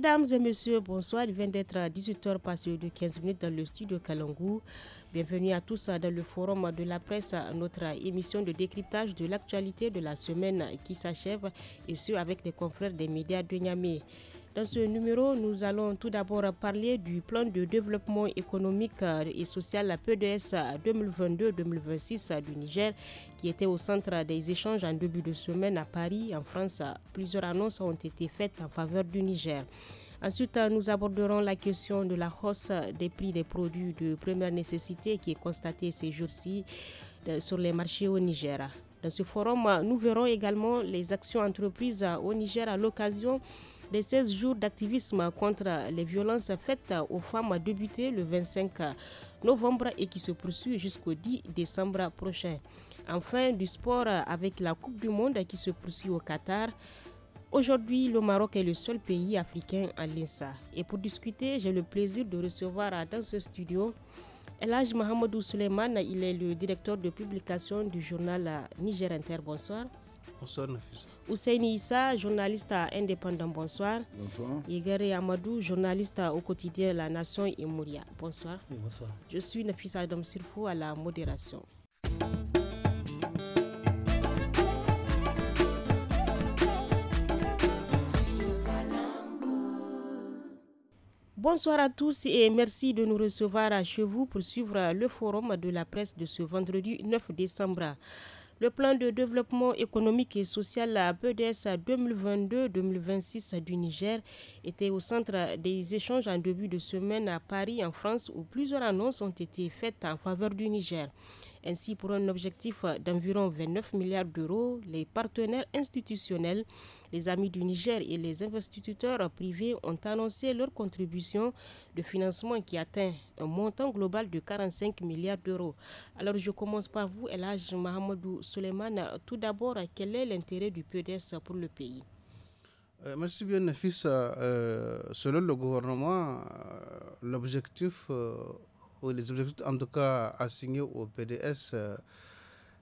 Mesdames et messieurs, bonsoir. Il vient d'être 18h passé de 15 minutes dans le studio Kalangu. Bienvenue à tous dans le forum de la presse, notre émission de décryptage de l'actualité de la semaine qui s'achève et ce avec les confrères des médias de Niamey. Dans ce numéro, nous allons tout d'abord parler du plan de développement économique et social PDS 2022-2026 du Niger qui était au centre des échanges en début de semaine à Paris, en France. Plusieurs annonces ont été faites en faveur du Niger. Ensuite, nous aborderons la question de la hausse des prix des produits de première nécessité qui est constatée ces jours-ci euh, sur les marchés au Niger. Dans ce forum, nous verrons également les actions entreprises au Niger à l'occasion les 16 jours d'activisme contre les violences faites aux femmes a débuté le 25 novembre et qui se poursuit jusqu'au 10 décembre prochain. Enfin, du sport avec la Coupe du Monde qui se poursuit au Qatar. Aujourd'hui, le Maroc est le seul pays africain à l'INSA. Et pour discuter, j'ai le plaisir de recevoir dans ce studio Elage Mohamedou Suleiman. Il est le directeur de publication du journal Niger Inter. Bonsoir. Bonsoir Nafisa. Ousseini Issa, journaliste indépendant, bonsoir. Bonsoir. Amadou, journaliste au quotidien La Nation et Mouria. Bonsoir. bonsoir. Je suis Nafisa Adam Sirfou à la modération. Bonsoir à tous et merci de nous recevoir à chez vous pour suivre le forum de la presse de ce vendredi 9 décembre. Le plan de développement économique et social à PDS 2022-2026 du Niger était au centre des échanges en début de semaine à Paris, en France, où plusieurs annonces ont été faites en faveur du Niger. Ainsi, pour un objectif d'environ 29 milliards d'euros, les partenaires institutionnels, les amis du Niger et les investisseurs privés ont annoncé leur contribution de financement qui atteint un montant global de 45 milliards d'euros. Alors, je commence par vous, Elhaj Mahamadou Suleiman. Tout d'abord, quel est l'intérêt du PDS pour le pays euh, Merci bien, euh, selon le gouvernement, euh, l'objectif ou les objectifs en tout cas assignés au PDS. Euh,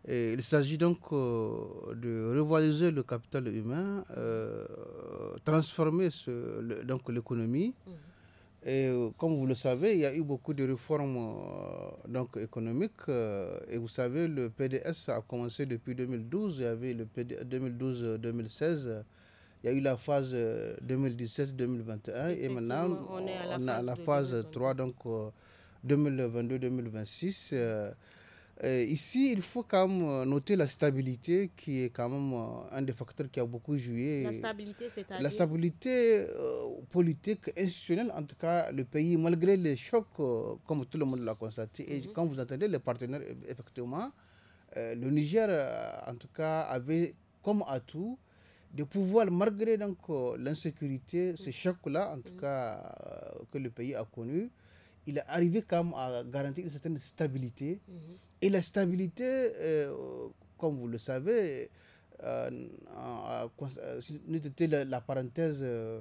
il s'agit donc euh, de revaloriser le capital humain, euh, transformer ce, donc l'économie. Mm. Et comme vous le savez, il y a eu beaucoup de réformes donc économiques. et vous savez, le PDS a commencé depuis 2012. Il y avait le PDS 2012-2016. Il y a eu la phase 2017-2021 et maintenant on, est à la phase, a la phase 3 donc 2022-2026. Euh, euh, ici, il faut quand même euh, noter la stabilité qui est quand même un des facteurs qui a beaucoup joué. La stabilité, c'est-à-dire La stabilité politique, institutionnelle, en tout cas, le pays, malgré les chocs, comme tout le monde l'a constaté, et mhm. quand vous entendez les partenaires, effectivement, le Niger, en tout cas, avait comme atout de pouvoir, malgré donc l'insécurité, ces mhm. chocs-là, en tout mhm. cas, que le pays a connu, il est arrivé quand à garantir une certaine stabilité. Mhm. Et la stabilité, euh, comme vous le savez, euh, c'était euh, la, la, parenthèse euh,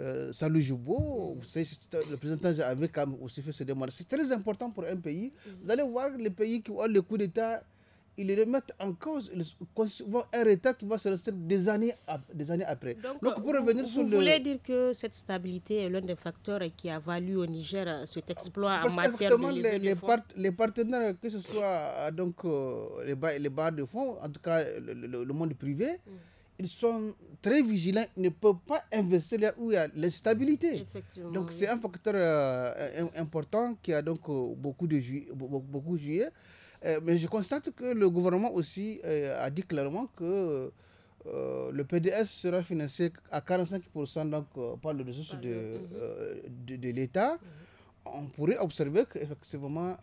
euh Salou Joubo, mhm. le président avait quand même aussi fait ce demande. C'est très important pour un pays. Mhm. Vous allez voir les pays qui ont le coup d'État ils remettent en cause, ils un retard qui va se rester des années, des années après. Donc, pour revenir sur sur vous voulez dire que cette stabilité est l'un des facteurs qui a valu au Niger euh, cet exploit en matière de les, les, les, partenaires, que ce soit euh, donc, euh, les, barres de fonds, en tout cas le, monde privé, mm. ils sont très vigilants, ils ne peuvent pas investir là où il y a l'instabilité. Donc c'est un facteur important qui a donc beaucoup de beaucoup, beaucoup joué. Euh, mais je constate que le gouvernement aussi euh, a dit clairement que euh, le PDS sera financé à 45% donc, par le ressource mhm. de, de, l'État. Mhm. On pourrait observer qu'effectivement,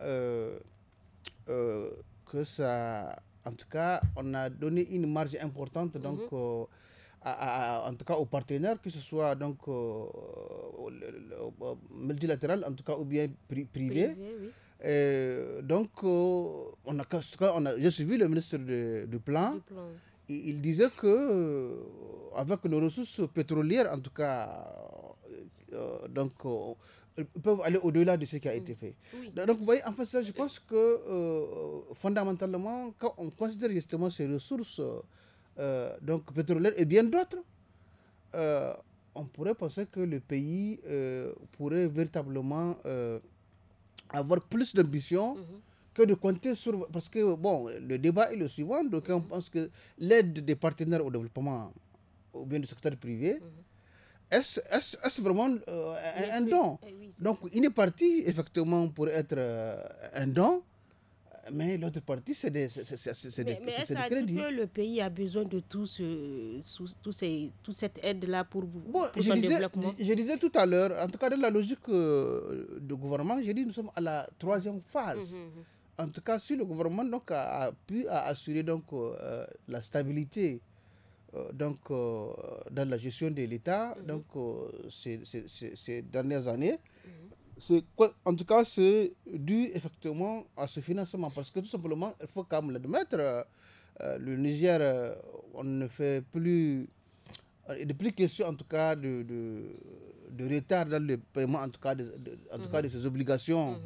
que ça. En tout cas, on a donné une marge importante donc, mhm. en tout cas aux partenaires, que ce soit donc, multilatéral en tout cas ou bien privé. Et donc, euh, on a, on a, j'ai suivi le ministre de, du Plan. il disait que, euh, avec nos ressources pétrolières, en tout cas, euh, donc, peuvent aller au-delà de ce qui a mm. été fait. Donc, vous voyez, en fait, ça, je pense que fondamentalement, quand on considère justement ces ressources donc pétrolières et bien d'autres, on pourrait penser que le pays pourrait véritablement avoir plus d'ambition mhm. que de compter sur. Parce que, bon, le débat est le suivant. Donc, on mhm. pense que l'aide des partenaires au développement, ou bien du secteur privé, mhm. est-ce est vraiment euh, un, don eh Donc, il est parti effectivement pour être euh, un don, mais l'autre partie, c'est des, c'est, mais, est-ce que le pays a besoin de tout ce, ces, toute cette aide-là pour, bon, je disais, Je disais tout à l'heure, en tout cas, dans la logique euh, du gouvernement, j'ai dit nous sommes à la troisième phase. Mhm, mhm. En tout cas, si le gouvernement donc, a, pu assurer donc, euh, euh, la stabilité donc, dans la gestion de l'État, mhm. donc ces, dernières années, en tout cas, c'est dû effectivement à ce financement. Parce que tout simplement, il faut quand même l'admettre, euh, le Niger, euh, on ne fait plus. Euh, il n'est plus question, en tout cas, de, de, de, retard dans le paiement, en tout cas, de, en tout cas de ses mhm. obligations. Mhm.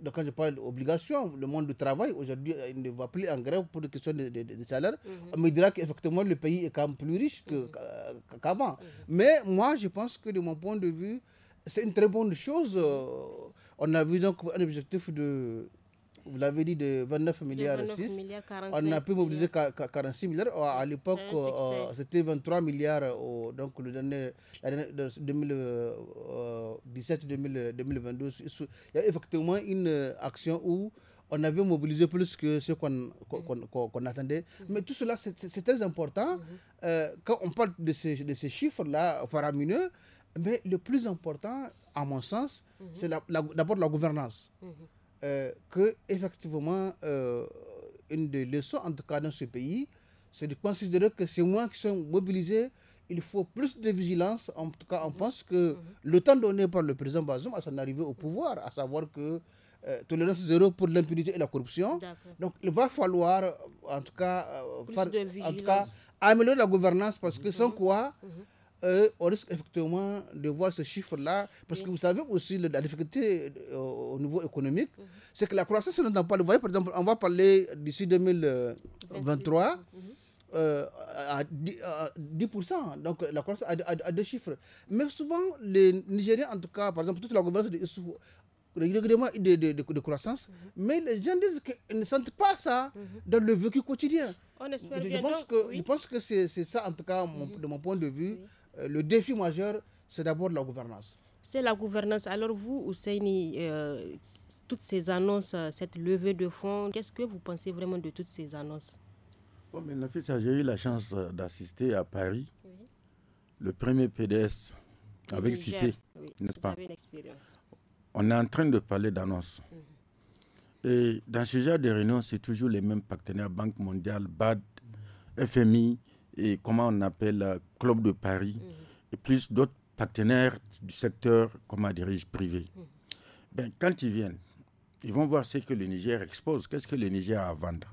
Donc, quand je parle d'obligations, le monde du travail, aujourd'hui, il ne va plus en grève pour des questions de, de, salaire. Mhm. On me dira qu'effectivement, le pays est quand même plus riche qu'avant. Mais moi, je pense que de mon point de vue, c'est une très bonne chose. Euh. On a vu donc un objectif de, vous l'avez dit, de 29 milliards on a pu mobiliser 46 milliards. À l'époque, euh, c'était 23 milliards, euh, donc le dernier, 2017-2022. Il y a effectivement une action où on avait mobilisé plus que ce qu'on attendait. Mm-hmm. Mais tout cela, c'est très important. Mm-hmm. quand on parle de ces, de ces chiffres-là faramineux, mais le plus important, à mon sens, mhm. c'est d'abord la, gouvernance. Mhm. Euh, que, effectivement, euh, une des leçons, en tout cas dans ce pays, c'est de considérer que c'est moins qui sont mobilisés, il faut plus de vigilance. En tout cas, on mhm. pense que le temps donné par le président Bazoum à son arrivée au pouvoir, à savoir que euh, tolérance zéro pour l'impunité et la corruption. Donc il va falloir, en tout cas, en tout cas améliorer la gouvernance parce que sans quoi, on risque effectivement de voir ce chiffre-là, parce que vous savez aussi la difficulté euh, au niveau économique, mhm. c'est que la croissance ne pas le voyez, Par exemple, on va parler d'ici 2023. Mhm. Euh, à, 10, donc la croissance a deux chiffres. Mais souvent, les Nigériens, en tout cas, par exemple, toute la gouvernance de de, de, croissance, mais les gens disent qu'ils ne sentent pas ça mhm. dans le vécu quotidien. On espère je, pense que, je pense que c'est ça, en tout cas, de mon point de vue. Euh, le défi majeur, c'est d'abord la gouvernance. C'est la gouvernance. Alors vous, Ousseini, euh, toutes ces annonces, euh, cette levée de fonds, qu'est-ce que vous pensez vraiment de toutes ces annonces j'ai eu la chance d'assister à Paris, le premier PDS avec Cissé, oui. n'est-ce pas On est en train de parler d'annonces. Mhm. Et dans ce genre de réunion, c'est toujours les mêmes partenaires, Banque mondiale, BAD, FMI, et comment on appelle euh, Club de Paris mhm. et plus d'autres partenaires du secteur, comme à dirige privé. Mhm. Ben, quand ils viennent, ils vont voir ce que le Niger expose, qu'est-ce que le Niger a à vendre.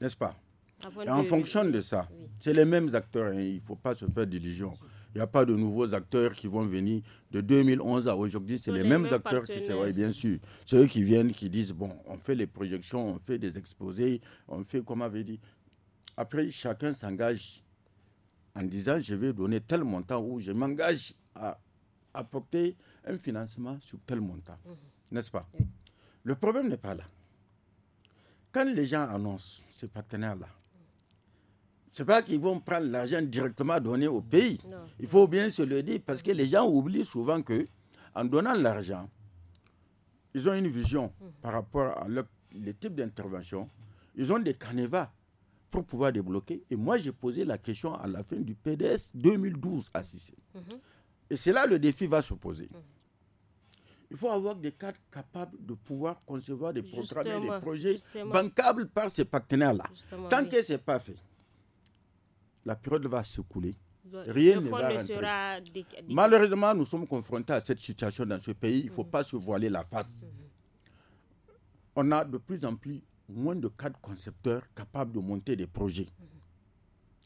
N'est-ce pas ah, et En fonction de ça, c'est les mêmes acteurs, hein. il ne faut pas se faire d'illusion. Il n'y a pas de nouveaux acteurs qui vont venir de 2011 à aujourd'hui. C'est les, mêmes, acteurs qui se voient, bien sûr. Ceux qui viennent, qui disent, bon, on fait les projections, on fait des exposés, on fait, comme avait dit, après, chacun s'engage en disant je vais donner tel montant ou je m'engage à apporter un financement sur tel montant. Mhm. N'est-ce pas Le problème n'est pas là. Quand les gens annoncent ces partenaires-là, ce n'est pas qu'ils vont prendre l'argent directement donné au pays. Il faut bien se le dire parce que les gens oublient souvent que en donnant l'argent, ils ont une vision mhm. par rapport à le, type d'intervention. Ils ont des canevas pour pouvoir débloquer. Et moi, j'ai posé la question à la fin du PDS 2012 à Sissé. Mhm. Et c'est là le défi va se poser. Mhm. Il faut avoir des cadres capables de pouvoir concevoir des programmes et des projets bancables par ces partenaires-là. Tant que ce n'est pas fait, la période va se couler. Rien ne va sera Malheureusement, nous sommes confrontés à cette situation dans ce pays. Il ne faut mhm. pas se voiler la face. On a de plus en plus moins de quatre concepteurs capables de monter des projets. Mhm.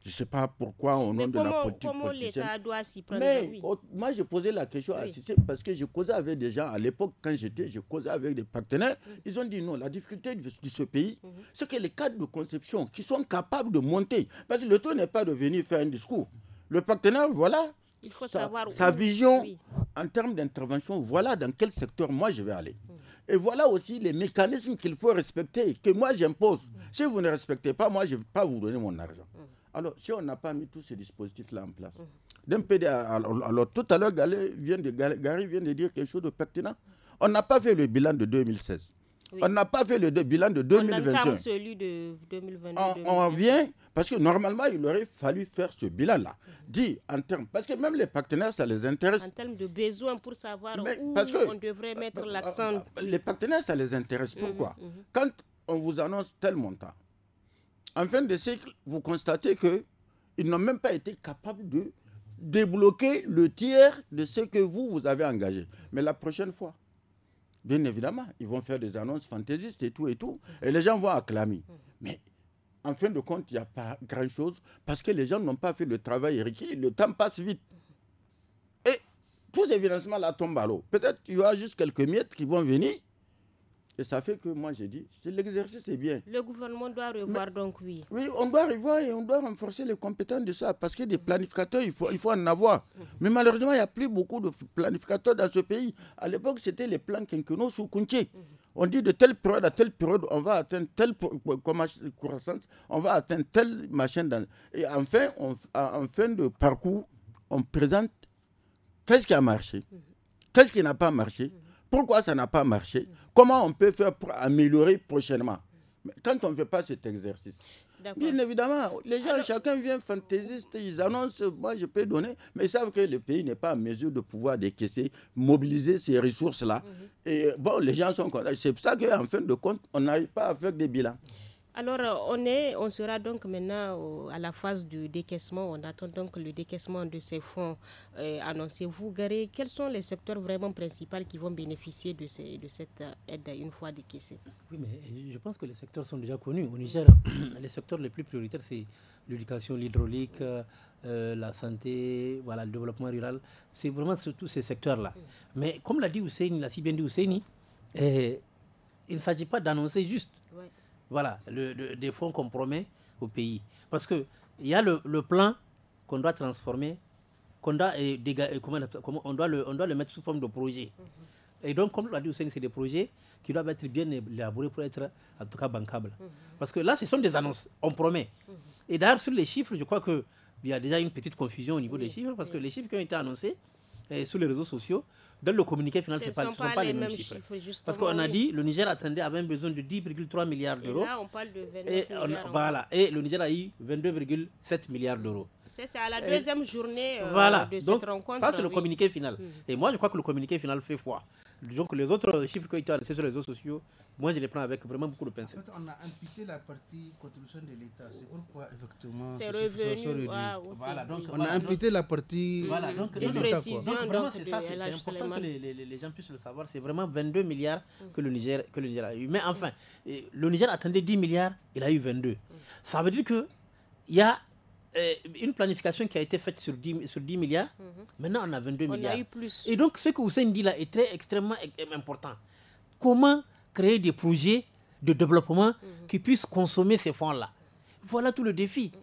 Je ne sais pas pourquoi au nom de la politique comment l'État doit s'y prendre Mais moi, j'ai posé la question à Sissé, parce que je causais avec des gens à l'époque, quand j'étais, je causais avec des partenaires. Ils ont dit non, la difficulté de, ce pays, mhm. c'est que les cadres de conception qui sont capables de monter, parce que le tout n'est pas de venir faire un discours. Le partenaire, voilà, Il faut sa, savoir sa vision en termes d'intervention, voilà dans quel secteur moi je vais aller. Mhm. Et voilà aussi les mécanismes qu'il faut respecter, que moi j'impose. Si vous ne respectez pas, moi je ne vais pas vous donner mon argent. Alors, si on n'a pas mis tous ces dispositifs-là en place, d'un alors, tout à l'heure, Gary vient de dire quelque chose de pertinent. On n'a pas fait le bilan de 2016. On n'a pas fait le bilan de 2021. On celui de 2022. On, vient, parce que normalement, il aurait fallu faire ce bilan-là. Dit en termes. Parce que même les partenaires, ça les intéresse. En termes de besoin, pour savoir où on devrait mettre euh, l'accent. Euh, euh, les partenaires, ça les intéresse. Mhm, Pourquoi mhm. Quand on vous annonce tel montant, en fin de cycle, vous constatez que ils n'ont même pas été capables de débloquer le tiers de ce que vous, vous avez engagé. Mais la prochaine fois, Bien évidemment, ils vont faire des annonces fantaisistes et tout et tout. Et les gens vont acclamer. Mm. Mais en fin de compte, il n'y a pas grand-chose parce que les gens n'ont pas fait le travail requis. Le temps passe vite. Et tous ces financements-là tombent à l'eau. Peut-être qu'il y aura juste quelques miettes qui vont venir et ça fait que moi, j'ai dit, l'exercice est bien. Le gouvernement doit revoir donc, oui. Oui, on doit revoir et on doit renforcer les compétences de ça. Parce que des planificateurs, il faut, il faut en avoir. Mhm. Mais malheureusement, il n'y a plus beaucoup de planificateurs dans ce pays. À l'époque, c'était les plans quinquennaux sous Kunché. Mhm. On dit de telle période à telle période, on va atteindre telle euh, croissance, on va atteindre telle machine Et enfin, en fin de parcours, on présente qu'est-ce qui a marché, mhm. qu'est-ce qui n'a pas marché pourquoi ça n'a pas marché Comment on peut faire pour améliorer prochainement Quand on ne fait pas cet exercice, Bien évidemment, les gens, chacun vient fantaisiste, ils annoncent, moi je peux donner, mais ils savent que le pays n'est pas en mesure de pouvoir décaisser, mobiliser ces ressources-là. Mhm. Et bon, les gens sont contents. C'est pour ça qu'en fin de compte, on n'arrive pas à faire des bilans. Alors, euh, on, est, on sera donc maintenant à la phase du décaissement. On attend donc le décaissement de ces fonds euh, annoncés. Vous, Garé, quels sont les secteurs vraiment principaux qui vont bénéficier de, ces, de cette euh, aide une fois décaissée Oui, mais euh, je pense que les secteurs sont déjà connus. Au Niger, les secteurs les plus prioritaires, c'est l'éducation, l'hydraulique, la santé, voilà, le développement rural. C'est vraiment surtout ces secteurs-là. Mais comme l'a dit Ousseini, l'a si il ne s'agit pas d'annoncer juste voilà, le, des fonds qu'on promet au pays. Parce qu'il y a le, plan qu'on doit transformer, qu'on doit, euh, euh, on doit, le, on doit le mettre sous forme de projet. Mhm. Et donc, comme l'a dit Hussein, c'est des projets qui doivent être bien élaborés pour être, en tout cas, bancables. Mhm. Parce que là, ce sont des annonces, on promet. Mhm. Et d'ailleurs, sur les chiffres, je crois qu'il y a déjà une petite confusion au niveau des chiffres, parce que les chiffres qui ont été annoncés, et sur les réseaux sociaux, dans le communiqué final, ce ne sont, pas les, mêmes, chiffres. Parce qu'on a dit le Niger attendait avait besoin de 10,3 milliards d'euros. Là, on parle de 29 et milliards. et le Niger a eu 22,7 milliards d'euros. C'est à la deuxième journée euh, de cette rencontre. Ça, c'est le communiqué final. Mm. Et moi, je crois que le communiqué final fait foi. Donc les autres chiffres que tu as laissés sur les réseaux sociaux, moi je les prends avec vraiment beaucoup de pincettes. En fait, on a imputé la partie contribution de l'État. C'est pourquoi effectivement c'est revenu. Voilà, donc on a imputé la partie voilà, donc, l'État. Donc vraiment c'est ça, c'est important que les, gens puissent le savoir. C'est vraiment 22 milliards mm. que, le Niger, que le Niger a eu. Mais enfin, le Niger attendait 10 milliards, il a eu 22. Mm. Ça veut dire que il y a euh, une planification qui a été faite sur 10, sur 10 milliards. Mhm. Maintenant, on a 22 milliards. Et donc, ce que Hussein dit là est très extrêmement euh, important. Comment créer des projets de développement mhm. qui puissent consommer ces fonds-là Voilà tout le défi. Mhm.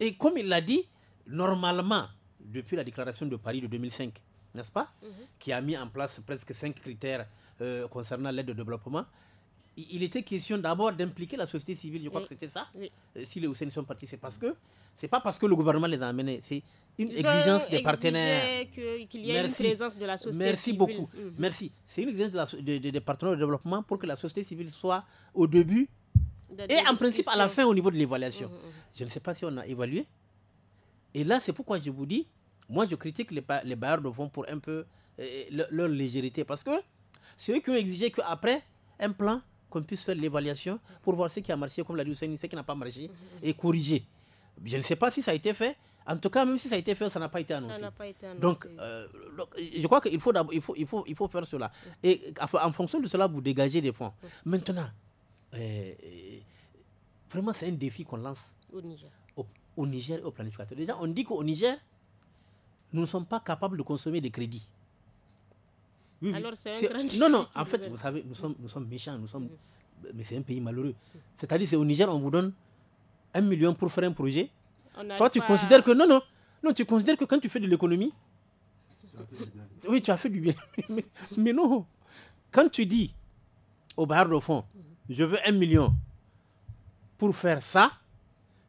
Et comme il l'a dit, normalement, depuis la déclaration de Paris de 2005, n'est-ce pas Qui a mis en place presque cinq critères euh, concernant l'aide au développement il était question d'abord d'impliquer la société civile, je crois que c'était ça. Euh, si les Hussein sont partis, c'est parce que c'est pas parce que le gouvernement les a amenés, c'est une exigence des partenaires. Merci. beaucoup. Merci. C'est une exigence des de, partenaires de développement pour que la société civile soit au début et en principe à la fin au niveau de l'évaluation. Mhm, mhm. Je ne sais pas si on a évalué. Et là, c'est pourquoi je vous dis, moi je critique les, bailleurs de fonds pour un peu euh, leur, légérité. parce que ceux qui ont exigé qu'après un plan qu'on puisse faire l'évaluation pour voir ce qui a marché, comme l'a dit ce qui n'a pas marché, mhm. et corriger. Je ne sais pas si ça a été fait. En tout cas, même si ça a été fait, ça n'a pas, été annoncé. Euh, donc, je crois qu'il faut, il il faut, il faut faire cela. Mhm. Et en fonction de cela, vous dégagez des fonds. Mhm. Maintenant, euh, euh, vraiment, c'est un défi qu'on lance au Niger. Au, au Niger Déjà, on dit qu'au Niger, nous ne sommes pas capables de consommer des crédits. Non, non, en fait, vous savez, nous sommes, méchants, nous sommes... Mm. mais c'est un pays malheureux. C'est-à-dire, c'est au Niger, on vous donne un million pour faire un projet. Toi, tu considères que non, non, non, tu considères que quand tu fais de l'économie, oui, tu as fait du bien. mais, non, quand tu dis au bar de fond, je veux un million pour faire ça,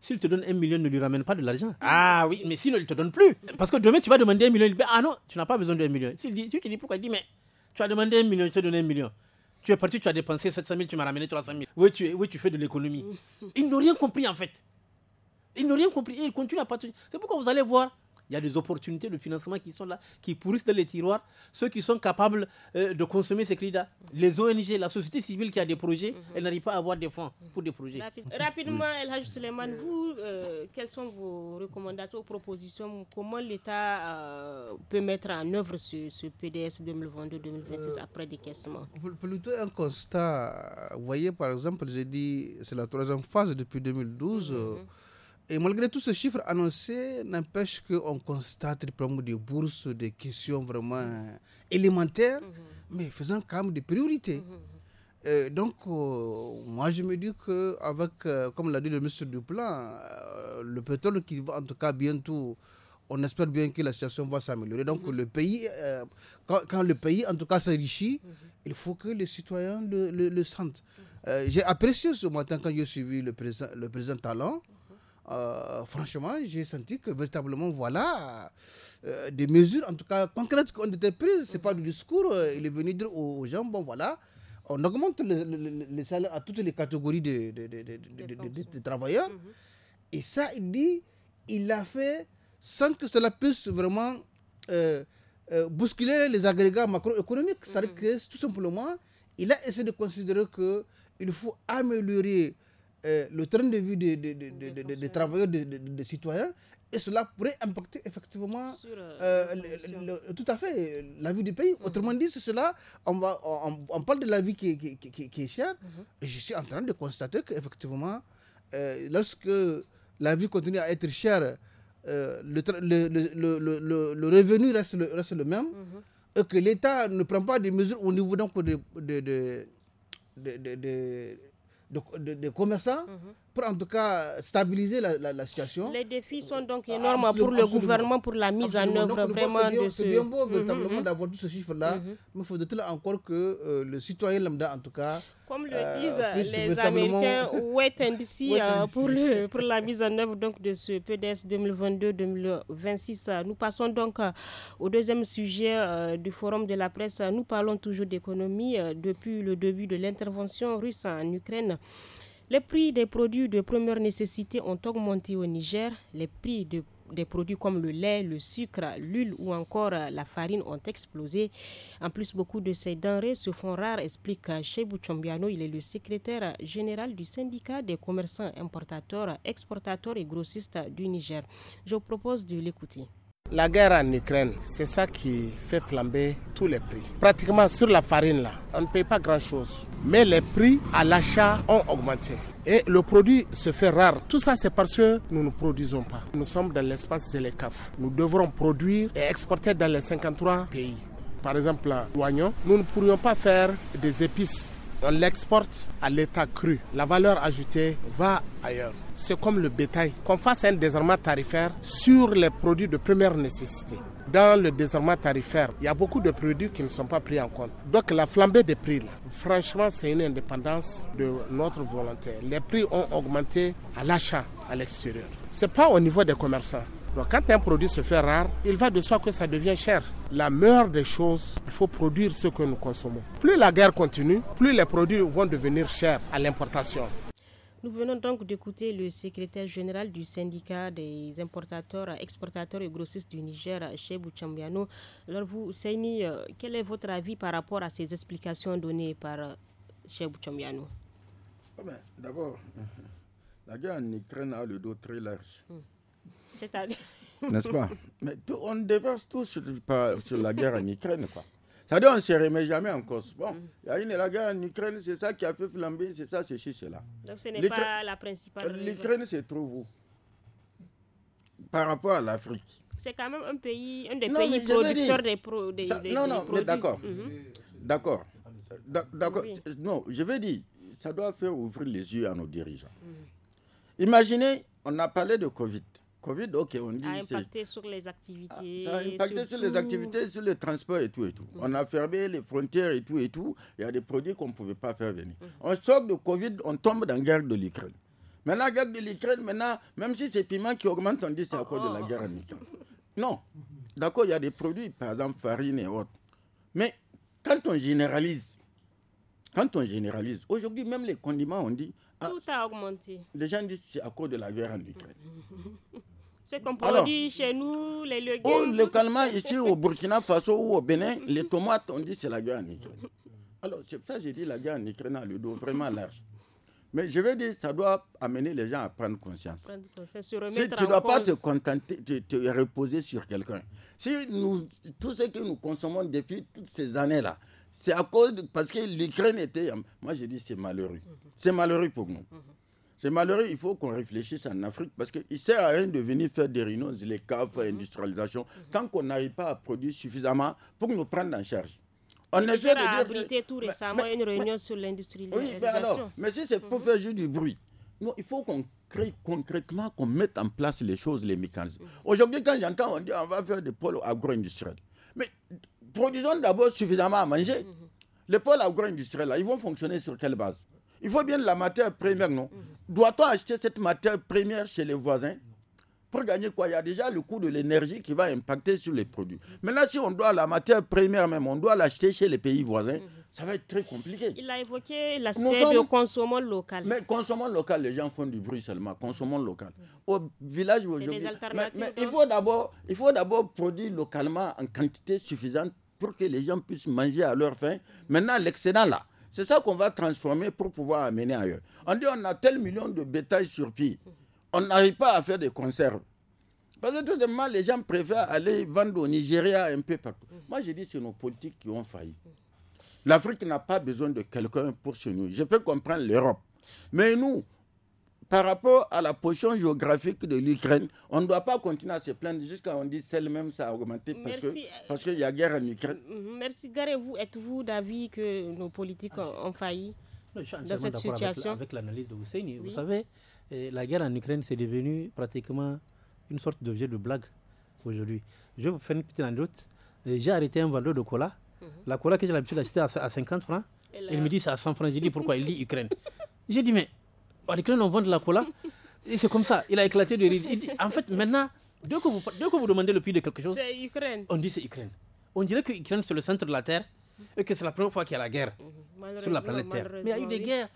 s'il te donne un million, ne lui ramène pas de l'argent. Ah oui, mais sinon, il ne te donne plus. Parce que demain, tu vas demander un million. Il dit, ah non, tu n'as pas besoin d'un million. S'il dit, tu te dis pourquoi Il dit, mais tu as demandé un million, tu te donné un million. Tu es parti, tu as dépensé 700 000, tu m'as ramené 300 000. Oui, tu, oui, tu fais de l'économie. Ils n'ont rien compris, en fait. Ils n'ont rien compris et ils continuent à partir. C'est pourquoi vous allez voir il y a des opportunités de financement qui sont là, qui pourrissent dans les tiroirs. Ceux qui sont capables euh, de consommer ces crédits-là, les ONG, la société civile qui a des projets, mhm. elle n'arrive pas à avoir des fonds pour des projets. rapidement, El Hajj vous, euh, quelles sont vos recommandations, propositions Comment l'État euh, peut mettre en œuvre ce, PDS 2022-2026 après décaissement Plutôt un constat. Vous voyez, par exemple, j'ai dit, c'est la troisième phase depuis 2012. Et malgré tout ce chiffre annoncé, n'empêche qu'on constate des bourses, de bourse, des questions vraiment euh, élémentaires, mhm. mais faisant quand même des priorités. Mhm. Euh, donc, euh, moi, je me dis qu'avec, avec, comme l'a dit le ministre Duplan, le pétrole qui va en tout cas bientôt, on espère bien que la situation va s'améliorer. Donc, mhm. le pays, quand, le pays en tout cas s'enrichit, il faut que les citoyens le, sentent. J'ai apprécié ce matin quand j'ai suivi le président, le président Talon. Euh, franchement, j'ai senti que véritablement, voilà, euh, des mesures, en tout cas concrètes, qui ont été prises. C'est pas du discours. Euh, il est venu dire aux gens, bon, voilà, on augmente les le, salaires à toutes les catégories de, travailleurs. Et ça, il dit, il l'a fait sans que cela puisse vraiment bousculer les agrégats macroéconomiques. C'est-à-dire mm. que tout simplement, il a essayé de considérer qu'il faut améliorer euh, le train de vie des de, travailleurs, des citoyens, et cela pourrait impacter effectivement euh, euh, tout à fait la vie du pays. Mhm. Autrement dit, cela, on, va, on, parle de la vie qui, qui, est chère, mhm. et je suis en train de constater qu'effectivement, lorsque la vie continue à être chère, le, le, revenu reste le, même, mhm. et que l'État ne prend pas des mesures au niveau donc de de, de, de commerçants, mhm pour en tout cas stabiliser la, situation. Les défis sont donc ah, énormes pour le gouvernement, pour la mise en œuvre vraiment C'est bien beau mhm, véritablement mhm. d'avoir ce chiffre-là, mhm. mais il faudrait encore que euh, le citoyen lambda, en tout cas... Comme le euh, disent les Américains, wait and see, euh, pour, Le, pour, la mise en œuvre donc, de ce PDS 2022-2026. Nous passons donc au deuxième sujet du forum de la presse. Nous parlons toujours d'économie depuis le début de l'intervention russe en Ukraine. Les prix des produits de première nécessité ont augmenté au Niger. Les prix des produits comme le lait, le sucre, l'huile ou encore la farine ont explosé. En plus, beaucoup de ces denrées se font rares, explique Chebou Chombiano. Il est le secrétaire général du syndicat des commerçants importateurs, exportateurs et grossistes du Niger. Je vous propose de l'écouter. La guerre en Ukraine, c'est ça qui fait flamber tous les prix. Pratiquement sur la farine, là, on ne paye pas grand-chose. Mais les prix à l'achat ont augmenté. Et le produit se fait rare. Tout ça, c'est parce que nous ne produisons pas. Nous sommes dans l'espace caf Nous devrons produire et exporter dans les 53 pays. Par exemple, l'oignon, nous ne pourrions pas faire des épices on l'exporte à l'état cru. La valeur ajoutée va ailleurs. C'est comme le bétail, qu'on fasse un désarmement tarifaire sur les produits de première nécessité. Dans le désarmement tarifaire, il y a beaucoup de produits qui ne sont pas pris en compte. Donc la flambée des prix, là, franchement, c'est une indépendance de notre volonté. Les prix ont augmenté à l'achat à l'extérieur. Ce n'est pas au niveau des commerçants quand un produit se fait rare, il va de soi que ça devient cher. La meilleure des choses, il faut produire ce que nous consommons. Plus la guerre continue, plus les produits vont devenir chers à l'importation. Nous venons donc d'écouter le secrétaire général du syndicat des importateurs, exportateurs et grossistes du Niger, Chebou Chambiano. Alors vous, Seyni, euh, quel est votre avis par rapport à ces explications données par euh, Chebou Chambiano ah ben, D'abord, la guerre en Ukraine a le dos très large. Mm cest à N'est-ce pas Mais on déverse tout sur, la guerre en Ukraine, quoi. C'est-à-dire qu'on ne se remet jamais en cause. Bon, mm. la guerre en Ukraine, c'est ça qui a fait flamber, c'est ça, c'est cela. Donc ce n'est pas la principale. L'Ukraine se trouve où Par rapport à l'Afrique. C'est quand même un pays, un des pays producteurs des, produits Non, non, mais d'accord. Mm-hmm. Mm-hmm. D'accord. D'accord. Non, je veux dire, ça doit faire ouvrir les yeux à nos dirigeants. Mm. Imaginez, on a parlé de Covid. Covid, ok, on dit. A impacté sur les activités. Ah, ça a impacté sur, les activités, sur le transport et tout et tout. On a fermé les frontières et tout et tout. Il y a des produits qu'on ne pouvait pas faire venir. Mhm. On sort de Covid, on tombe dans la guerre de l'Ukraine. Maintenant, la guerre de l'Ukraine, maintenant, même si c'est piment qui augmente, on dit c'est à oh, cause de la oh. guerre en Ukraine. Non. D'accord, il y a des produits, par exemple farine et autres. Mais quand on généralise, quand on généralise, aujourd'hui même les condiments, on dit... Ah, tout a augmenté. Les gens disent c'est à cause de la guerre en Ukraine. Ce qu'on produit chez nous, les oh, légumes. localement, ici au Burkina Faso ou au Bénin, les tomates, on dit c'est la guerre en Ukraine. Alors, c'est pour ça que j'ai dit la guerre en Ukraine le dos vraiment large. Mais je veux dire, ça doit amener les gens à prendre conscience. tu ne dois pas te contenter, te, te reposer sur quelqu'un. Si nous, tout ce que nous consommons depuis toutes ces années-là, c'est à cause parce que l'Ukraine était. Moi, j'ai dit c'est malheureux. Mm-hmm. C'est malheureux pour nous. Mm-hmm. C'est malheureux, il faut qu'on réfléchisse en Afrique parce qu'il ne sert à rien de venir faire des rhinos, les caves, l'industrialisation, mhm. tant qu'on n'arrive pas à produire suffisamment pour nous prendre en charge. On a fait abrité tout récemment une réunion sur l'industrialisation. Oui, mais si c'est pour mhm. faire juste du bruit, non, il faut qu'on crée concrètement, qu'on mette en place les choses, les mécanismes. Mhm. Aujourd'hui, quand j'entends, on dit on va faire des pôles agro-industriels. Mais produisons d'abord suffisamment à manger. Les pôles agro-industriels, ils vont fonctionner sur quelle base il faut bien de la matière première, non Doit-on acheter cette matière première chez les voisins pour gagner quoi Il y a déjà le coût de l'énergie qui va impacter sur les produits. Maintenant, si on doit la matière première même, on doit l'acheter chez les pays voisins, ça va être très compliqué. Il a évoqué l'aspect sommes... de consommant local. Mais consommant local, les gens font du bruit seulement, consommant local. Au village aujourd'hui. Mais, mais il faut d'abord, il faut d'abord produire localement en quantité suffisante pour que les gens puissent manger à leur faim. Maintenant, l'excédent là, c'est ça qu'on va transformer pour pouvoir amener ailleurs. On dit on a tel million de bétail sur pied. On n'arrive pas à faire des conserves. Parce que tout simplement, les gens préfèrent aller vendre au Nigeria un peu partout. Mm. Moi, je dis c'est nos politiques qui ont failli. L'Afrique n'a pas besoin de quelqu'un pour se nourrir. Je peux comprendre l'Europe. Mais nous, par rapport à la potion géographique de l'Ukraine, on ne doit pas continuer à se plaindre jusqu'à on dit celle-même ça a augmenté parce que euh, parce qu'il y a guerre en Ukraine. Merci. Garez-vous, êtes-vous d'avis que nos politiques ont, failli je suis dans cette situation Avec, avec l'analyse de Hussein, vous savez, euh, la guerre en Ukraine c'est devenu pratiquement une sorte d'objet de blague aujourd'hui. Je vous faire une petite anecdote. Euh, j'ai arrêté un vendeur de cola. Mhm. La cola que j'ai l'habitude d'acheter à, 50 francs, il me dit c'est à 100 francs. J'ai dit pourquoi Il dit Ukraine. J'ai dit mais les on vend de la cola. Et c'est comme ça. Il a éclaté de rire. Il en fait, maintenant, dès que vous, dès que vous demandez le prix de quelque chose, on dit c'est Ukraine. On dirait que l'Ukraine, c'est le centre de la Terre et que c'est la première fois qu'il y a la guerre mhm. sur la planète Terre. Mais il y a eu des guerres.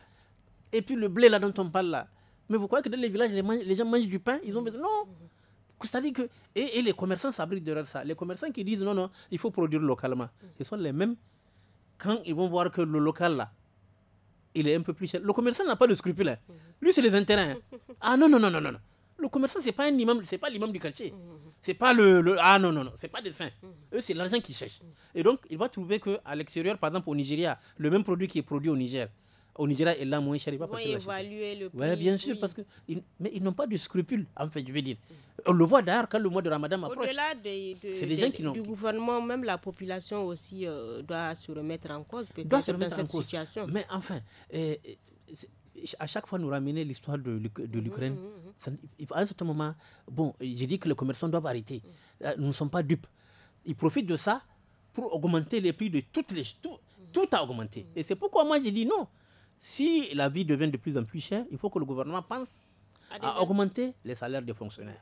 Et puis le blé là dont on parle là. Mais vous croyez que dans les villages, les, gens mangent du pain Ils ont besoin. Non mhm. c'est-à-dire que. Et, les commerçants s'abritent derrière ça. Les commerçants qui disent non, non, il faut produire localement. Ce sont les mêmes. Quand ils vont voir que le local là, il est un peu plus cher. Le commerçant n'a pas de scrupules. Hein. Lui, c'est les intérêts. Hein. Ah non, non, non, non, non. Le commerçant, c'est pas un c'est pas l'imam du quartier. C'est pas le, Ah non, non, non, c'est pas des saints. Eux, c'est l'argent qu'ils cherchent. Et donc, il va trouver qu'à l'extérieur, par exemple au Nigeria, le même produit qui est produit au Niger, au Nigeria et là moins cher. Ils vont évaluer le prix. Oui, bien sûr, parce que ils, mais ils n'ont pas de scrupules, en fait, je veux dire. On le voit d'ailleurs quand le mois de Ramadan approche. Au-delà de, du gouvernement, même la population aussi euh, doit se remettre en cause, peut-être, dans cette cause. Mais enfin, euh, à chaque fois nous ramener l'histoire de, mhm, l'Ukraine, mhm, mhm. à un certain moment, bon, j'ai dit que les commerçants doivent arrêter. Euh, nous ne sommes pas dupes. Ils profitent de ça pour augmenter les prix de toutes les... Tout, tout a augmenté. Et c'est pourquoi moi j'ai dit non. Si la vie devient de plus en plus chère, il faut que le gouvernement pense à, augmenter les salaires des fonctionnaires.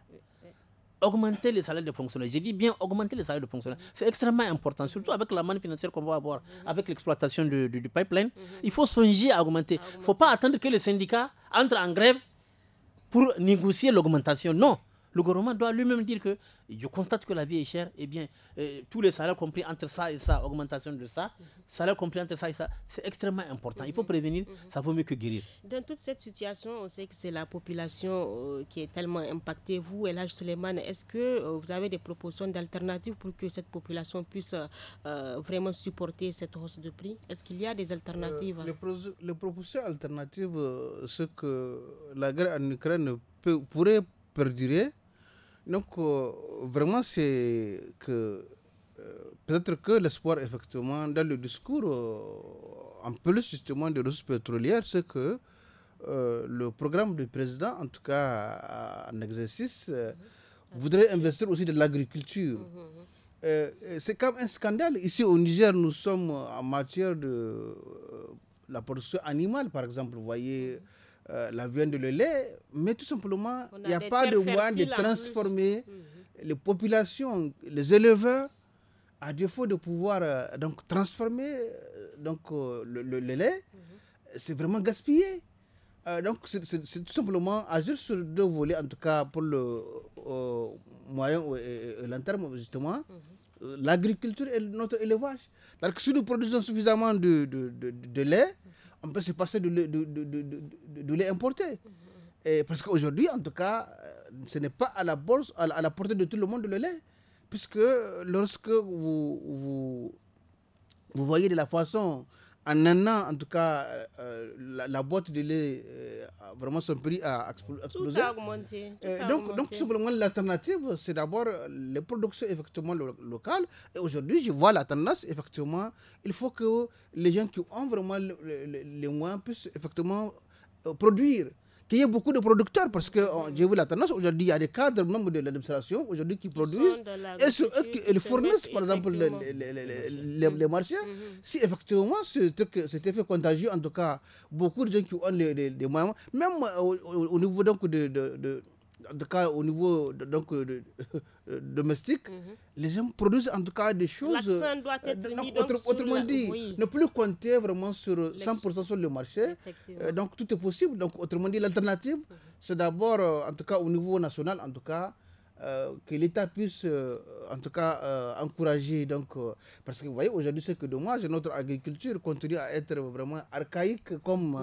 Augmenter les salaires des fonctionnaires. J'ai dit bien augmenter les salaires des fonctionnaires. C'est extrêmement important, surtout avec la manne financière qu'on va avoir, mhm. avec l'exploitation du, pipeline. Mhm. Il faut songer à augmenter. Il ne faut pas attendre que les syndicats entrent en grève pour négocier l'augmentation. Non. Le gouvernement doit lui-même dire que je constate que la vie est chère, et eh bien, euh, tous les salaires compris entre ça et ça, augmentation de ça, mhm. salaire compris entre ça et ça, c'est extrêmement important. Il faut mhm. prévenir, mhm. ça vaut mieux que guérir. Dans toute cette situation, on sait que c'est la population euh, qui est tellement impactée. Vous, l'âge Suleiman, est-ce que euh, vous avez des propositions d'alternatives pour que cette population puisse vraiment supporter cette hausse de prix Est-ce qu'il y a des alternatives les, propositions alternatives, c'est que la guerre en Ukraine pourrait perdurer donc, euh, vraiment, c'est que euh, peut-être que l'espoir, effectivement, dans le discours, un euh, en plus justement de ressources pétrolières, c'est que le programme du président, en tout cas en exercice, voudrait investir aussi de l'agriculture. Mhm, mhm. c'est comme un scandale. Ici au Niger, nous sommes en matière de la production animale, par exemple. Vous voyez, mhm. Euh, la viande, le lait, mais tout simplement, il n'y a, pas de moyen de transformer mhm. les populations, les éleveurs, à défaut de pouvoir euh, donc, transformer euh, donc, le, lait. Mhm. C'est vraiment gaspillé. donc, c'est tout simplement agir sur deux volets, en tout cas pour le moyen et, et long terme, justement mhm. l'agriculture et notre élevage. Donc, si nous produisons suffisamment de, de, de lait, on peut se passer de, de, de, Et parce qu'aujourd'hui, en tout cas, euh, ce n'est pas à la bourse, à, la portée de tout le monde le lait. Puisque lorsque vous, vous, vous voyez de la façon en un an, en tout cas, euh, euh, la, boîte de lait, euh, vraiment son prix a explosé. donc, donc, simplement, l'alternative, c'est d'abord les productions effectivement locales. Et aujourd'hui, je vois la tendance, effectivement, il faut que les gens qui ont vraiment les moyens puissent effectivement produire qu'il y ait beaucoup de producteurs, parce que oh, j'ai vu la tendance, aujourd'hui, il y a des cadres même de l'administration aujourd'hui qui produisent, et qui fournissent, par exemple, les, marchés. Mhm. Si effectivement, ce truc, cet effet contagieux, en tout cas, beaucoup de gens qui ont les, moyens, même euh, au, niveau donc de en tout cas au niveau euh, domestique, mhm. les gens produisent en tout cas des choses. Doit euh, être autrement dit, ne plus compter vraiment sur 100% sur le marché. Euh, donc tout est possible. Donc autrement dit, l'alternative, mhm. c'est d'abord, en tout cas au niveau national, en tout cas, euh, que l'État puisse, euh, en tout cas, euh, encourager. Donc, parce que vous voyez, aujourd'hui, c'est que dommage, notre agriculture continue à être vraiment archaïque. Comme,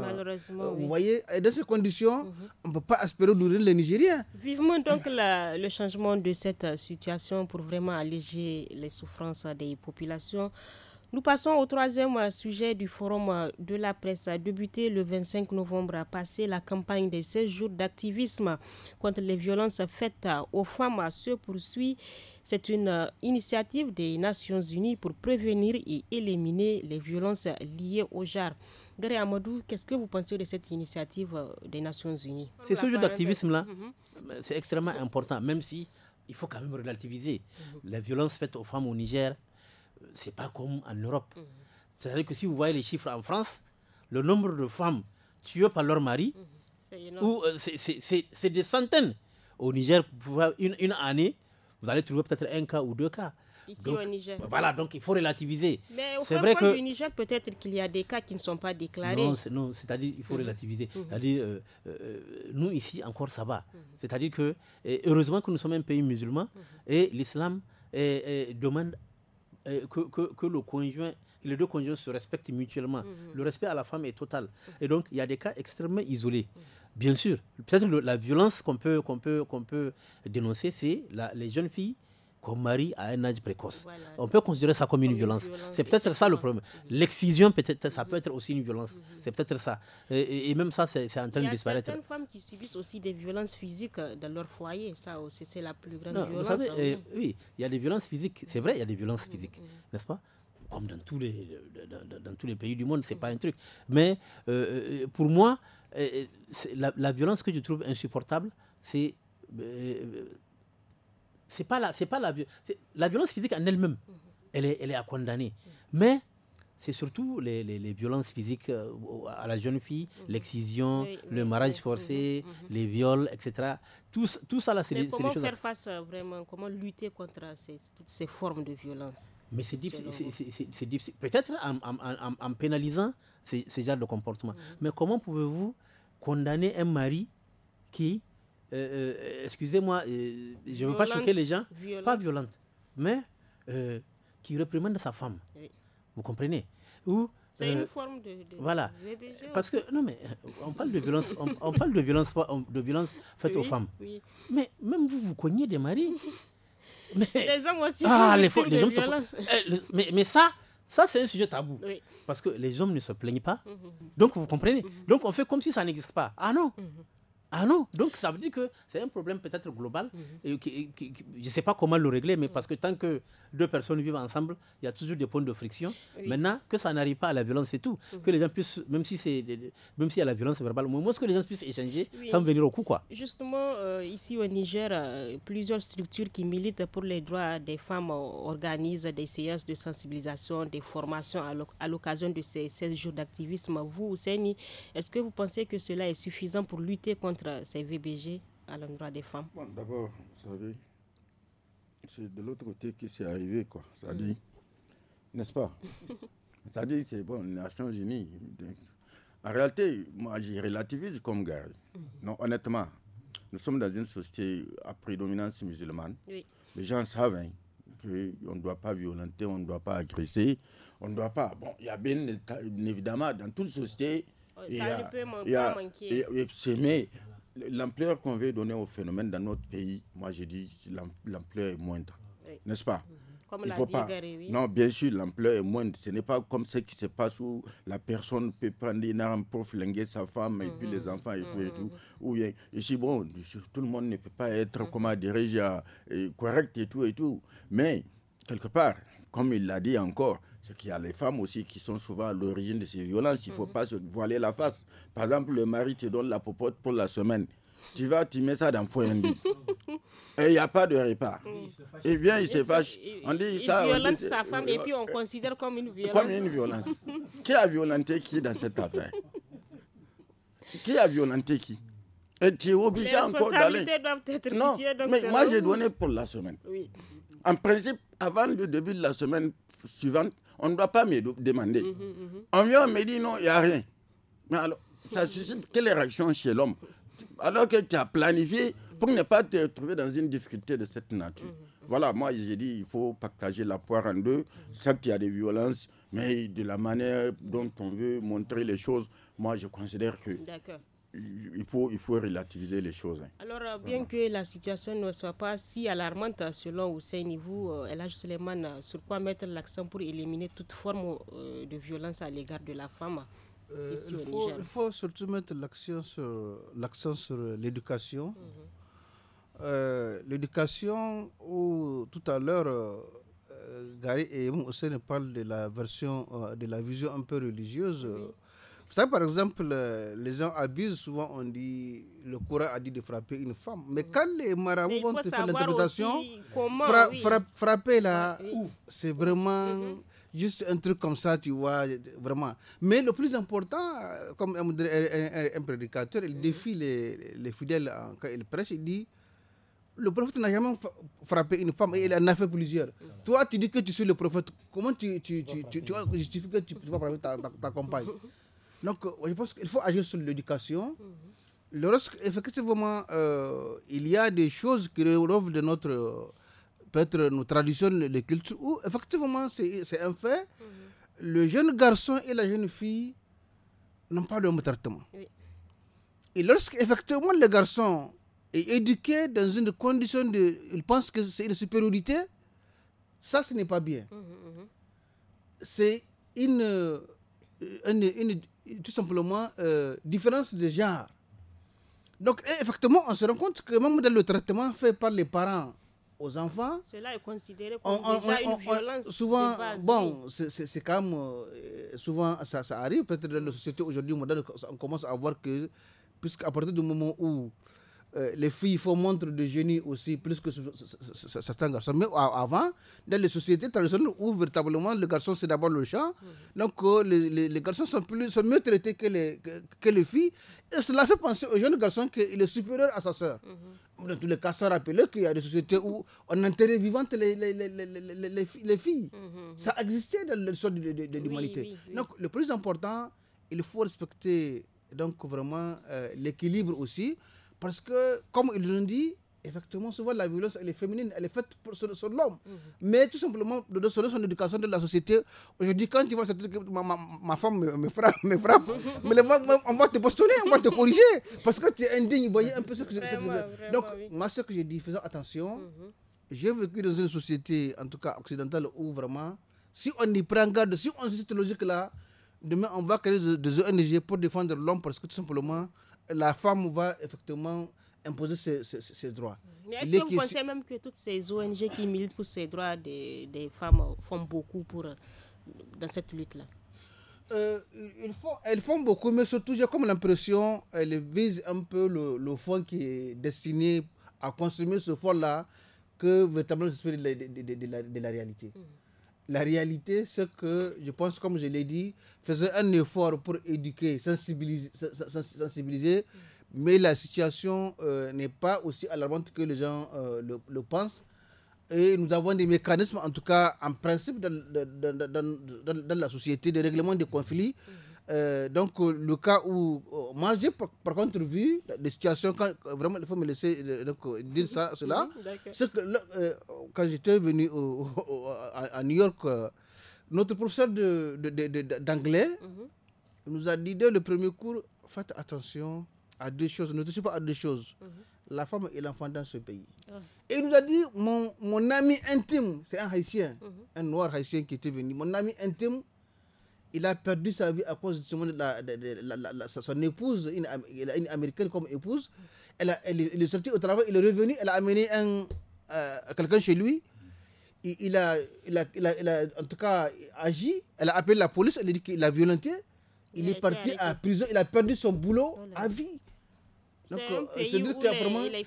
Vous voyez, et dans ces conditions, mhm. on ne peut pas espérer nourrir les Nigériens. Vivement donc le changement de cette situation pour vraiment alléger les souffrances des populations. Nous passons au troisième euh, sujet du forum euh, de la presse euh, débuté le 25 novembre a passé la campagne des 16 jours d'activisme contre les violences faites aux femmes se poursuit. C'est une initiative des Nations Unies pour prévenir et éliminer les violences liées au genre. Gary Amadou, qu'est-ce que vous pensez de cette initiative des Nations Unies C'est ce jour d'activisme-là, mm-hmm. c'est extrêmement important, même si il faut quand même relativiser. Mm-hmm. Les violences faites aux femmes au Niger, c'est pas comme en Europe. Mhm. C'est-à-dire que si vous voyez les chiffres en France, le nombre de femmes tuées par leur mari, mhm. ou euh, c'est des centaines. Au Niger, une, une année, vous allez trouver peut-être un cas ou deux cas. Ici au Niger. Voilà, donc il faut relativiser. Mais au vrai que... au Niger, peut-être qu'il y a des cas qui ne sont pas déclarés. Non, c'est-à-dire il faut mhm. relativiser. C'est-à-dire, euh, euh, nous ici encore, ça va. C'est-à-dire que, heureusement que nous sommes un pays musulman et l'islam demande euh, que, que, le conjoint, les deux conjoints se respectent mutuellement. Mhm. Le respect à la femme est total. Et donc, il y a des cas extrêmement isolés. Bien sûr, peut-être la violence qu'on peut, qu'on peut, qu'on peut dénoncer, c'est les jeunes filles mari marie à un âge précoce. On peut considérer ça comme une violence. C'est peut-être ça le problème. L'excision, peut-être, ça peut être aussi une violence. Mhm. C'est peut-être ça. Et, même ça, c'est, en train de disparaître. Il y a certaines femmes qui subissent aussi des violences physiques euh, dans leur foyer. Ça aussi, c'est la plus grande violence. Hein. Euh, oui, il y a des violences physiques. C'est vrai, il y a des violences mhm, physiques, mhm. n'est-ce pas Comme dans tous les, dans, tous les pays du monde, c'est pas un truc. Mais euh, pour moi, la, violence que je trouve insupportable, c'est c'est pas la, c'est pas la, violence physique en elle-même, elle est, elle est à condamner. Mais c'est surtout les, violences physiques euh, à la jeune fille, mhm. l'excision, le mariage forcé, les viols, etc. Tout, tout ça, là, c'est des, Comment faire face euh, vraiment Comment lutter contre toutes ces formes de violence Mais c'est difficile. Peut-être en, pénalisant ces, genre de comportement. Mhm. Mais comment pouvez-vous condamner un mari qui euh, euh, excusez-moi, euh, je ne veux pas choquer les gens, pas violente, mais qui réprimande sa femme. Vous comprenez Ou c'est une forme de, voilà parce que non mais on parle de violence on, parle de violence de violence faite aux femmes mais même vous vous cognez des maris les hommes aussi ah, sont les mais, mais ça ça, c'est un sujet tabou. Parce que les hommes ne se plaignent pas. Mm-hmm. Donc, vous comprenez mm-hmm. Donc, on fait comme si ça n'existe pas. Ah non mm-hmm. Ah non, donc ça veut dire que c'est un problème peut-être global. Mhm. et je ne sais pas comment le régler, mais parce que tant que deux personnes vivent ensemble, il y a toujours des points de friction. Maintenant, que ça n'arrive pas à la violence, c'est tout. Mhm. Que les gens puissent, même si c'est, même si y la violence verbale, au moins que les gens puissent échanger ça sans venir au coup, quoi. Justement, euh, ici au Niger, euh, plusieurs structures qui militent pour les droits des femmes euh, organisent des séances de sensibilisation, des formations à l'occasion de ces 16 jours d'activisme. Vous, Ousseini, est-ce que vous pensez que cela est suffisant pour lutter contre c'est ces VBG à l'endroit des femmes D'abord, vous savez, c'est de l'autre côté qui s'est arrivé, quoi. Ça dit, mm. n'est-ce pas Ça dit, c'est bon, Nations Unies. En réalité, moi, je relativise comme gars. Mm-hmm. Non, honnêtement, nous sommes dans une société à prédominance musulmane. Les gens savent hein, qu'on ne doit pas violenter, on ne doit pas agresser, on ne doit pas. Bon, il y a bien évidemment dans toute société. Ça ne peut manquer l'ampleur qu'on veut donner au phénomène dans notre pays, moi je dis l'ampleur est moindre. N'est-ce pas mhm. Comme Il faut pas. Non, bien sûr, l'ampleur est moindre. Ce n'est pas comme ce qui se passe où la personne peut prendre une arme pour flinguer sa femme et puis les mhm. enfants et mhm. tout. Ou bien, ici, bon, tout le monde ne peut pas être, comme euh, correct et tout et tout. Mais, quelque part, comme il l'a dit encore, c'est qu'il y a les femmes aussi qui sont souvent à l'origine de ces violences. Il ne faut mhm. pas se voiler la face. Par exemple, le mari te donne la popote pour la semaine. Tu vas, tu mets ça dans le foyer. et il n'y a pas de repas. Et bien, il se fâche. On dit il ça. sa femme et puis on considère comme une violence. Comme violence. qui a violenté qui dans cette affaire Qui a violenté qui Et tu es obligé encore d'aller. Non, mais moi j'ai donné pour la semaine. En principe, avant le début de la semaine suivante, on ne doit pas me demander. On mhm, mhm. vient, me dit non, il n'y a rien. Mais alors, ça suscite quelle réaction chez l'homme Alors que tu as planifié pour ne pas te retrouver dans une difficulté de cette nature. Mhm, voilà, moi j'ai dit, il faut partager la poire en deux. Certes, il y a des violences, mais de la manière dont on veut montrer les choses, moi je considère que D'accord il faut, il faut relativiser les choses. Hein. Alors, euh, bien que la situation ne soit pas si alarmante selon Hussein Nivou, elle a justement sur quoi mettre l'accent pour éliminer toute forme euh, de violence à l'égard de la femme euh, il, faut, il faut surtout mettre l'accent sur, l'accent sur l'éducation. Mhm. l'éducation, où tout à l'heure, Gary et Hussein parlent de la version, de la vision un peu religieuse. Ça, par exemple, les gens abusent souvent, on dit le courant a dit de frapper une femme. Mais quand les marabouts vont te faire l'interprétation, frapper là, où c'est vraiment juste un truc comme ça, tu vois, vraiment. Mais le plus important, comme un, prédicateur, il défie les, fidèles quand il prêche, il dit le prophète n'a jamais frappé une femme et il en a fait plusieurs. Toi, tu dis que tu suis le prophète. Comment tu, tu, tu, tu, justifies que tu vas frapper ta, ta, ta compagne donc, euh, je pense qu'il faut agir sur l'éducation. Mhm. lorsque effectivement, euh, il y a des choses qui relèvent de notre, euh, peut-être nos traditions, les cultures, où effectivement, c'est un fait. Mhm. Le jeune garçon et la jeune fille n'ont pas le même traitement. Et lorsque, effectivement, le garçon est éduqué dans une condition de. Il pense que c'est une supériorité, ça, ce n'est pas bien. Mhm, c'est une, tout simplement euh, différence de genre. Donc, effectivement, on se rend compte que même dans le traitement fait par les parents aux enfants, cela est considéré comme déjà une violence. Souvent, de bon, c'est quand même, euh, souvent ça, arrive, peut-être dans la société aujourd'hui on commence à voir que, puisqu'à partir du moment où euh, les filles font montre de génie aussi plus que certains garçons. Mais avant, dans les sociétés traditionnelles où véritablement le garçon c'est d'abord le chat, mhm. donc euh, les, les, garçons sont, plus, sont mieux traités que les, que, les filles. Et cela fait penser aux jeunes garçons qu'il est supérieur à sa sœur. Mhm. Dans tous les cas, ça rappelle qu'il y a des sociétés où on enterrait vivantes les, les, filles. Mhm, ça existait dans l'histoire de, de, l'humanité. Donc le plus important, il faut respecter donc vraiment euh, l'équilibre aussi. Parce que, comme ils l'ont dit, effectivement, souvent la violence, elle est féminine, elle est faite pour, sur, l'homme. Mhm. Mais tout simplement, de, selon son éducation de la société, aujourd'hui, quand tu vois cette ma, femme me, me frappe, me mais on va te postuler, on va te corriger, parce que tu es indigne, vous voyez un peu ce que je dis. Donc, moi, ce que j'ai dit, faisons attention, mhm. j'ai vécu dans une société, en tout cas occidentale, où vraiment, si on y prend garde, si on suit cette logique-là, demain, on va créer des, des ONG pour défendre l'homme, parce que tout simplement, la femme va effectivement imposer ses, droits. Mm. Mais est-ce que vous pensez même que toutes ces ONG qui militent pour ces droits des, femmes font beaucoup pour, euh, dans cette lutte-là euh, elles font beaucoup, mais surtout j'ai comme l'impression qu'elles visent un peu le, fond qui est destiné à consommer ce fond là que véritablement l'esprit de, de, la, réalité. Mm la réalité, c'est que, je pense, comme je l'ai dit, faisait un effort pour éduquer, sensibiliser, mais la situation euh, n'est pas aussi alarmante que les gens euh, le, pensent. Et nous avons des mécanismes, en tout cas, en principe, dans, la société, de règlement des conflits. Euh, donc, euh, le cas où. Euh, moi, j'ai par, contre vu des situations, quand, vraiment, il faut me laisser donc, dire ça, cela. Mhm, c'est que quand j'étais venu à, New York, notre professeur d'anglais de, mhm. nous a dit dès le premier cours faites attention à deux choses, ne touchez pas à deux choses. Mhm. la femme et l'enfant dans ce pays. Ah. Et il nous a dit, mon, mon ami intime, c'est un haïtien, un noir haïtien qui était venu, mon ami intime, il a perdu sa vie à cause de, son épouse, une, américaine comme épouse. Elle, elle, est sortie au travail, il est revenu, elle a amené un, euh, quelqu'un chez lui. Il, il, a, il, a, en tout cas agi. Elle a appelé la police, elle a dit qu'il a violenté. Il, est parti à prison, il a perdu son boulot à vie. Donc, euh, c'est dire que vraiment. Les,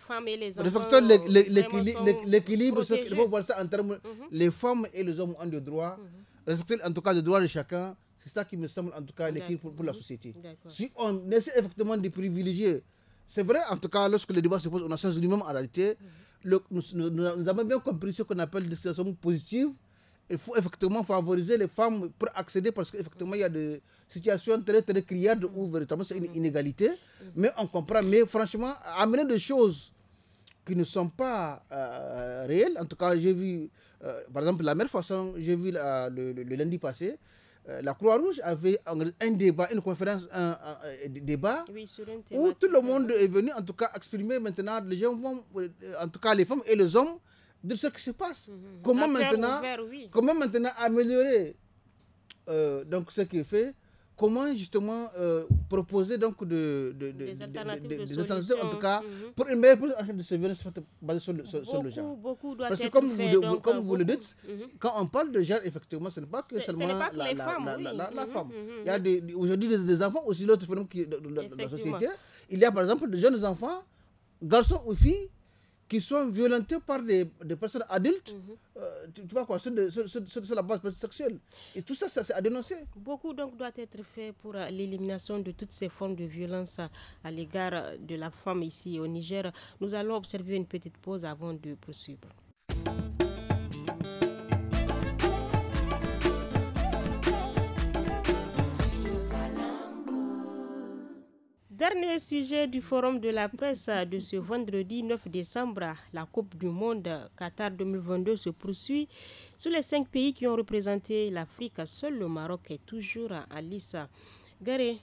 l'équilibre, il faut voir ça en termes. Mhm. Les femmes et les hommes ont des droits. Mhm. Respecter en tout cas les droits de chacun c'est ça qui me semble en tout cas l'équilibre pour, la société. Si on essaie effectivement de privilégier, c'est vrai en tout cas lorsque le débat se pose, on a sens du même en réalité, mhm. nous, avons bien compris ce qu'on appelle des situations positives. Il faut effectivement favoriser les femmes pour accéder parce qu'effectivement il y a des situations très très criardes où mhm. véritablement c'est une mhm. inégalité. Mais on comprend, mais franchement, amener des choses qui ne sont pas euh, réelles, en tout cas j'ai vu, euh, par exemple la même façon, j'ai vu le, lundi passé, euh, la Croix-Rouge avait un débat, une conférence, un, débat où tout le monde est venu, en tout cas, exprimer maintenant, les gens vont, euh, en tout cas, les femmes et les hommes, de ce qui se passe. Mhm. comment, maintenant, comment maintenant améliorer euh, donc ce qui est fait comment justement euh, proposer donc de, des, alternatives, en tout cas, mhm. pour une meilleure prise de surveillance basée sur le, sur, beaucoup, le genre. Parce que comme, vous, comme vous le dites, mhm. quand on parle de genre, effectivement, ce n'est pas que seulement la, la, mhm, femme. Il y a aujourd'hui des, enfants, aussi l'autre phénomène de la société. Il y a par exemple de jeunes enfants, garçons ou filles, qui sont violentés par des, personnes adultes, mhm. euh, tu, vois quoi, sur, de, la base sexuelle. Et tout ça, ça c'est à dénoncer. Beaucoup donc doit être fait pour euh, l'élimination de toutes ces formes de violence euh, à l'égard de la femme ici au Niger. Nous allons observer une petite pause avant de poursuivre. dernier sujet du forum de la presse de ce vendredi 9 décembre, la Coupe du Monde Qatar 2022 se poursuit. Sur les cinq pays qui ont représenté l'Afrique, seul le Maroc est toujours à l'ISA. Gare,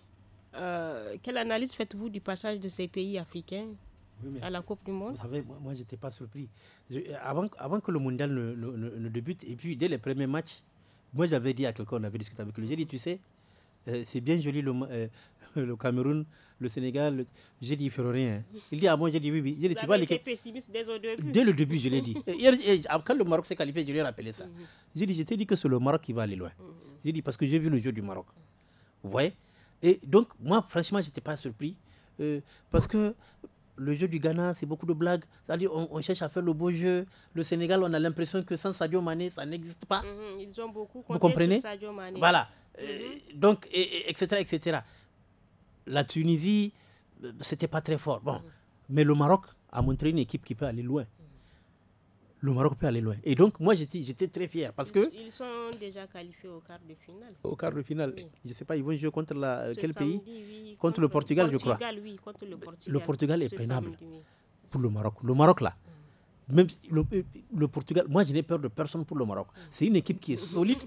euh, quelle analyse faites-vous du passage de ces pays africains à la Coupe du Monde Vous savez, moi, je n'étais pas surpris. avant, que le mondial ne, débute, et puis dès les premiers matchs, moi j'avais dit à quelqu'un, on avait discuté avec lui, j'ai dit, tu sais, euh, c'est bien joli le, euh, le Cameroun, le Sénégal. J'ai dit, il ne fera rien. Il dit, avant ah j'ai dit, oui, oui. J'ai dit, tu vas les... pessimiste dès le début. Dès le début, je l'ai dit. quand le Maroc s'est qualifié, je lui ai rappelé ça. Mhm. J'ai dit, j'étais dit que c'est le Maroc qui va aller loin. Mhm. J'ai dit, parce que j'ai vu le jeu du Maroc. Vous voyez Et donc, moi, franchement, je n'étais pas surpris. Euh, parce que le jeu du Ghana, c'est beaucoup de blagues. C'est-à-dire, on, cherche à faire le beau jeu. Le Sénégal, on a l'impression que sans Sadio Mané, ça n'existe pas. Mhm. Ils ont beaucoup Vous comprenez Sadio Mané. Voilà. Euh, donc, etc., etc la Tunisie, euh, c'était pas très fort. Bon. Mais le Maroc a montré une équipe qui peut aller loin. Le Maroc peut aller loin. Et donc, moi, j'étais très fier parce que... Ils sont déjà qualifiés au quart de finale. Au quart de finale. Je ne sais pas, ils vont jouer contre la, euh, quel pays contre, le Portugal, je crois. Oui, contre le Portugal. Le Portugal est pénible. pour le Maroc. Le Maroc, là. Mm. Même euh, le, Portugal, moi je n'ai peur de personne pour le Maroc. Mm. C'est une équipe qui est solide.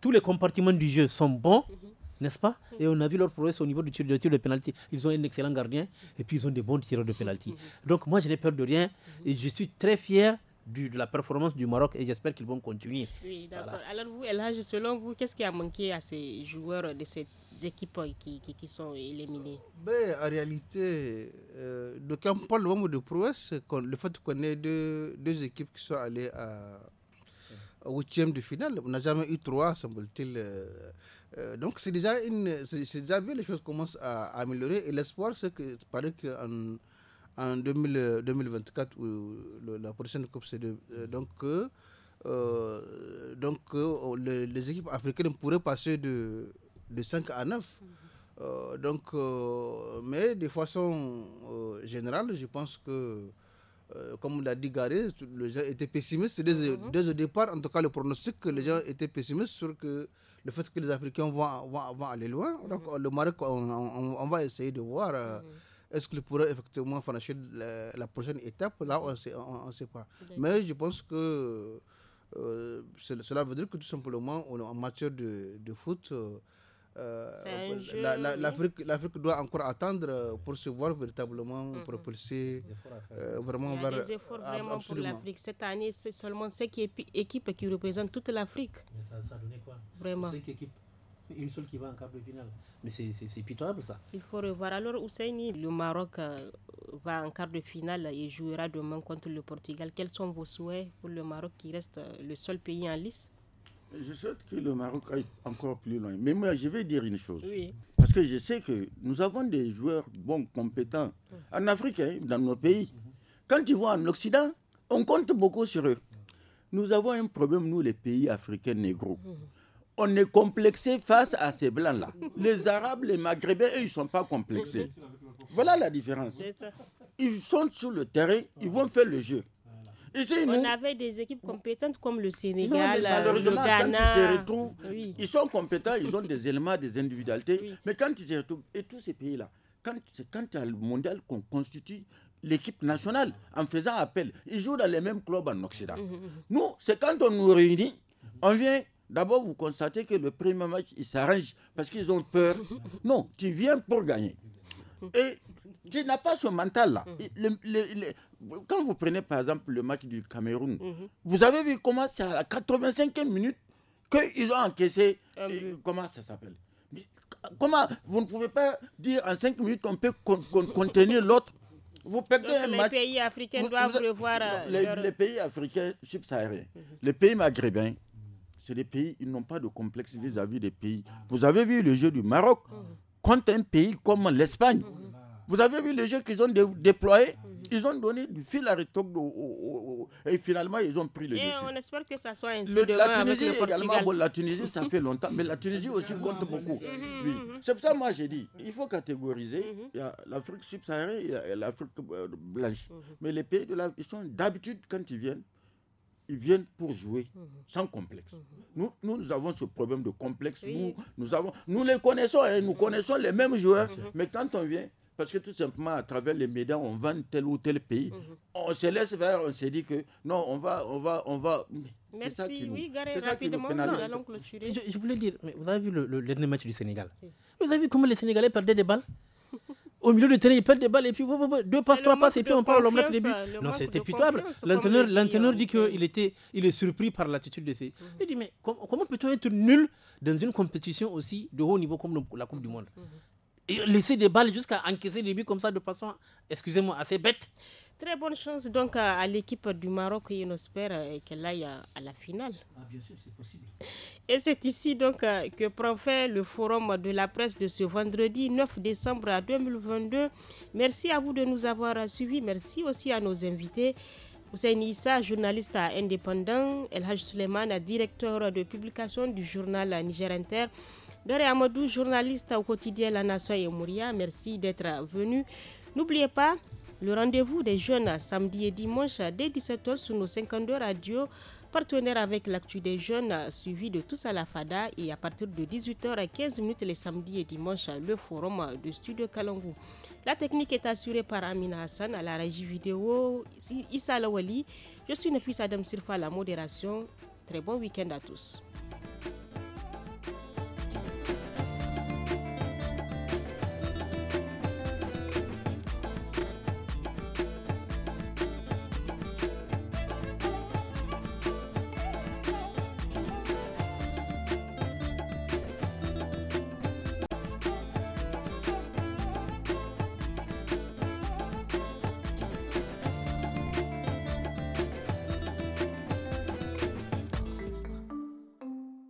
Tous les compartiments du jeu sont bons. Mm-hmm n'est-ce pas Et on a vu leur prouesse au niveau du tir, de penalty. Ils ont un excellent gardien et puis ils ont des bons tireurs de penalty. Donc moi, je n'ai peur de rien et je suis très fier de la performance du Maroc et j'espère qu'ils vont continuer. Oui, d'accord. Alors, vous, selon vous, qu'est-ce qui a manqué à ces joueurs de ces équipes qui, sont éliminées euh, ben, En réalité, euh, quand on parle de prouesse, le fait qu'on ait deux, deux, équipes qui sont allées à, huitième de finale, on n'a jamais eu trois, semble-t-il. Euh, euh, donc c'est déjà une, c'est déjà bien, les choses commencent à, améliorer et l'espoir c'est que paraît qu'en en 2024 où la prochaine coupe c'est euh, donc euh, donc oh, les équipes africaines pourraient passer de de 5 à 9. Mm-hmm. donc mais de façon générale je pense que comme l'a dit Garé, les gens étaient pessimistes mm-hmm. dès, dès, le départ. En tout cas, le pronostic, les mm-hmm. gens étaient pessimistes sur que le fait que les Africains vont, aller loin. Mhm. le Maroc, on, va essayer de voir. Euh, mhm. est-ce qu'il pourrait effectivement franchir la, prochaine étape Là, on ne on, sait pas. Mais je pense que euh, cela veut dire que tout simplement, en matière de, foot, euh, euh, l'Afrique doit encore attendre euh, pour se voir véritablement propulser euh, vraiment efforts vraiment pour l'Afrique. Cette année, c'est seulement cinq équipes qui représentent toute l'Afrique. Ça, ça quoi Vraiment. Cinq équipes une seule qui va en quart de finale. Mais c'est pitoyable ça. Il faut revoir. Alors, Ousseini, le Maroc va en quart de finale et jouera demain contre le Portugal. Quels sont vos souhaits pour le Maroc qui reste le seul pays en lice je souhaite que le Maroc aille encore plus loin. Mais moi, je vais dire une chose. Parce que je sais que nous avons des joueurs bons, compétents, en Afrique, hein, dans nos pays. Quand tu vois en Occident, on compte beaucoup sur eux. Nous avons un problème, nous, les pays africains négros. On est complexé face à ces blancs-là. Les Arabes, les Maghrébins, eux, ils ne sont pas complexés. Voilà la différence. Ils sont sur le terrain, ils vont faire le jeu on avait des équipes compétentes comme le Sénégal, euh, le Ghana. Quand ils, se oui. ils sont compétents, ils ont des éléments, des individualités. Mais quand ils se retrouvent, et tous ces pays-là, quand c'est quand il y a le mondial qu'on constitue l'équipe nationale en faisant appel. Ils jouent dans les mêmes clubs en Occident. Mmh, mmh, mmh. Nous, c'est quand on nous réunit, on vient D'abord, vous constatez que le premier match, ils s'arrangent parce qu'ils ont peur. Non, tu viens pour gagner. Et n'a n'a pas ce mental-là. Mm. quand vous prenez par exemple le match du Cameroun, mm-hmm. vous avez vu comment c'est à la 85e minute qu'ils ont encaissé. comment ça s'appelle Comment vous ne pouvez pas dire en 5 minutes qu'on peut contenir l'autre vous perdez Donc, un les Pays africains doivent le revoir euh, les, pays africains subsahariens, mm-hmm. les pays maghrébins, c'est des pays, ils n'ont pas de complexité vis-à-vis des pays. Vous avez vu le jeu du Maroc mm-hmm. contre un pays comme l'Espagne. Vous avez vu les jeux qu'ils ont déployé déployés ils ont donné du fil à retordre et finalement ils ont pris le dessus. on espère que ça soit ainsi le, La Tunisie la Tunisie ça fait longtemps, mais la Tunisie aussi compte beaucoup. Mhm, mhm, oui. Mhm. C'est pour ça moi j'ai dit, il faut catégoriser. l'Afrique subsaharienne et l'Afrique euh, blanche. Mais les pays de la, ils sont d'habitude quand ils viennent, ils viennent pour jouer sans complexe. Nous, nous, avons ce problème de complexe. Nous, nous, avons, nous les connaissons, et hein, nous connaissons les mêmes joueurs, mais quand on vient, parce que tout simplement, à travers les médias, on vend tel ou tel pays. Mhm. On se laisse faire, on se dit que non, on va, on va, on va. Merci, oui, Garé, rapidement, nous allons clôturer. Je, voulais dire, mais vous avez vu le, dernier match du Sénégal. Vous avez vu comment les Sénégalais perdaient des balles au milieu du terrain, ils perdent des balles et puis deux passes, trois passes et puis on parle au des début. Non, c'était pitoyable. L'entraîneur dit qu'il était, il est surpris par l'attitude de ces. Mhm. Il dit mais comment peut-on être nul dans une compétition aussi de haut niveau comme la Coupe du Monde mhm laisser des balles jusqu'à encaisser des buts comme ça de façon, excusez-moi, assez bête. Très bonne chance donc à, l'équipe du Maroc et on espère euh, qu'elle aille à, la finale. Ah, bien sûr, c'est possible. Et c'est ici donc euh, que prend fait le forum de la presse de ce vendredi 9 décembre 2022. Merci à vous de nous avoir suivis. Merci aussi à nos invités. Hussein Issa, journaliste indépendant, El Haj Suleiman, directeur de publication du journal Niger Inter. Dore Amadou, journaliste au quotidien La Nation et Mouria, merci d'être venu. N'oubliez pas le rendez-vous des jeunes samedi et dimanche dès 17h sur nos 52 radios partenaire avec l'actu des jeunes suivi de tous à la FADA et à partir de 18h à 15 les samedis et dimanches le forum de Studio Kalangou. La technique est assurée par Amina Hassan à la régie vidéo Issa Lawali. Je suis Nefis Adam Sirfa à la modération. Très bon week-end à tous.